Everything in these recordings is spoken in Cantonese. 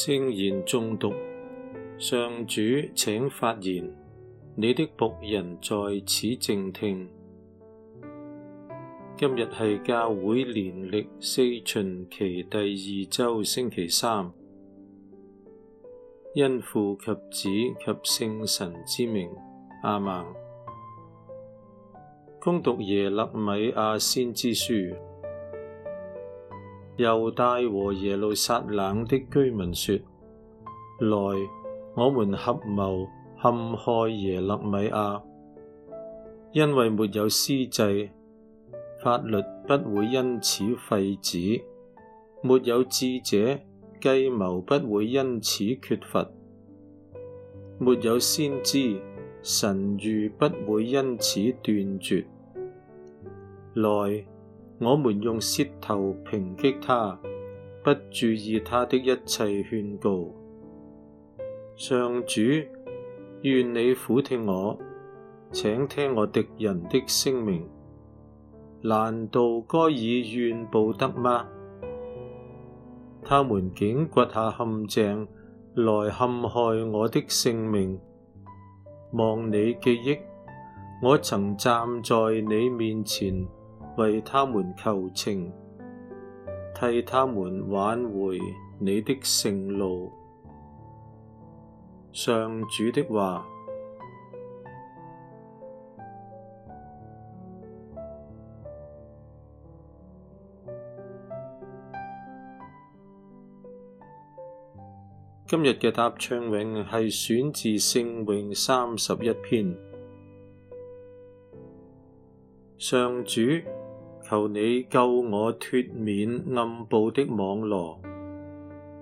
聖言誦讀，上主，請發言，你的僕人在此靜聽。今日係教會年曆四旬期第二周星期三，因父及子及聖神之名，阿門。恭讀耶肋米亞先知書。猶大和耶路撒冷的居民說：來，我們合謀陷害耶肋米亞，因為沒有司祭，法律不會因此廢止；沒有智者，計謀不會因此缺乏；沒有先知，神諭不會因此斷絕。來。我們用舌頭評擊他，不注意他的一切勸告。上主，願你俯聽我，請聽我敵人的聲明。難道該以怨報德嗎？他們竟掘下陷阱來陷害我的性命。望你記憶，我曾站在你面前。為他們求情，替他們挽回你的盛怒。上主的話，今日嘅答唱詠係選自聖詠三十一篇，上主。求你救我脫免暗佈的網羅，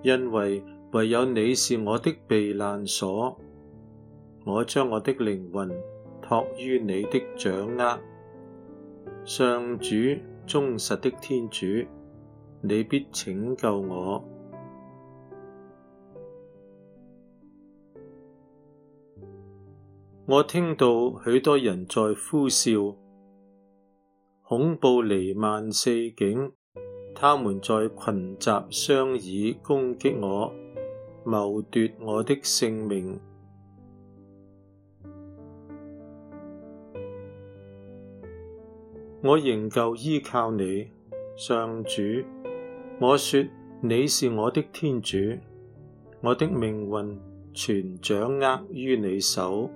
因為唯有你是我的避難所。我將我的靈魂託於你的掌握，上主，忠實的天主，你必拯救我。我聽到許多人在呼嘯。恐怖彌漫四境，他們在群集商議攻擊我，謀奪我的性命。 我仍舊依靠你，上主。我說你是我的天主，我的命運全掌握於你手。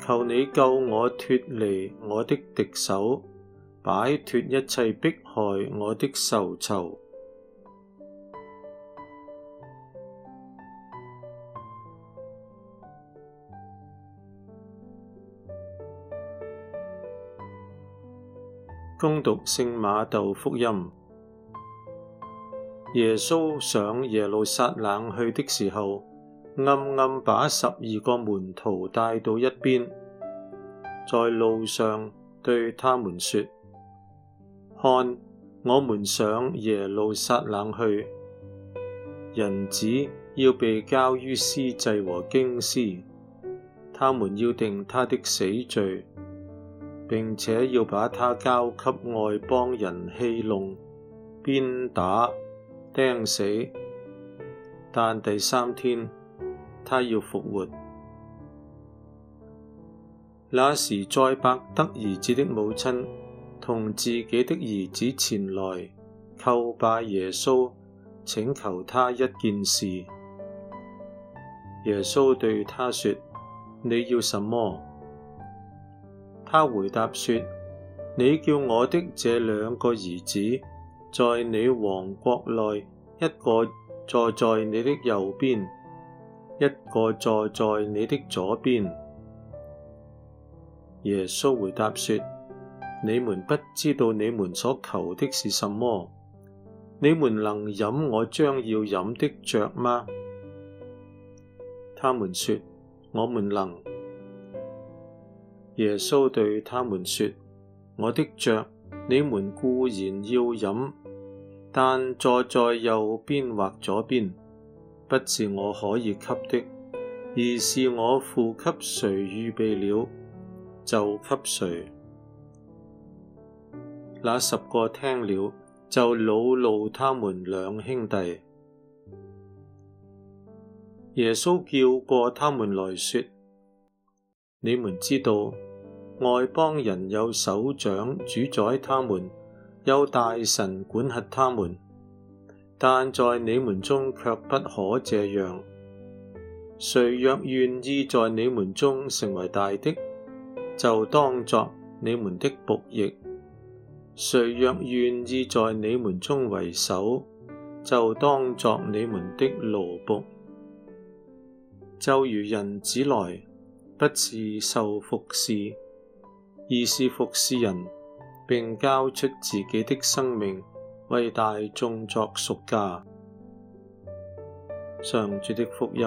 求你救我脫離我的敵手。擺脱一切迫害我的仇讐。恭讀聖瑪竇福音。耶穌上耶路撒冷去的時候，暗暗把十二個門徒帶到一邊，在路上對他們說。看，我們上耶路撒冷去，人子要被交於司祭和經師，他們要定他的死罪，並且要把他交給外邦人戲弄、鞭打、釘死。但第三天，他要復活。那時，載伯德兒子的母親，同自己的兒子前來叩拜耶穌，請求他一件事。耶穌對她說：你要什麼？她回答說：你叫我的這兩個兒子，在你王國內，一個坐在你的右邊，一個坐在你的左邊。耶穌回答說：你們不知道你們所求的是什麼，你們能飲我將要飲的爵嗎？他們說：我們能。耶穌對他們說：我的爵你們固然要飲，但坐在右邊或左邊，不是我可以給的，而是我付給誰預備了就給誰。那十個聽了，就惱怒他們兩兄弟。耶穌叫過他們來說：你們知道外邦人有首長主宰他們，有大臣管轄他們，但在你們中卻不可這樣。誰若願意在你們中成為大的，就當作你們的僕役。誰若願意在你們中為首，就當作你們的奴僕。就如人子來，不是受服侍，而是服侍人，並交出自己的生命為大眾作贖價。上主的福音。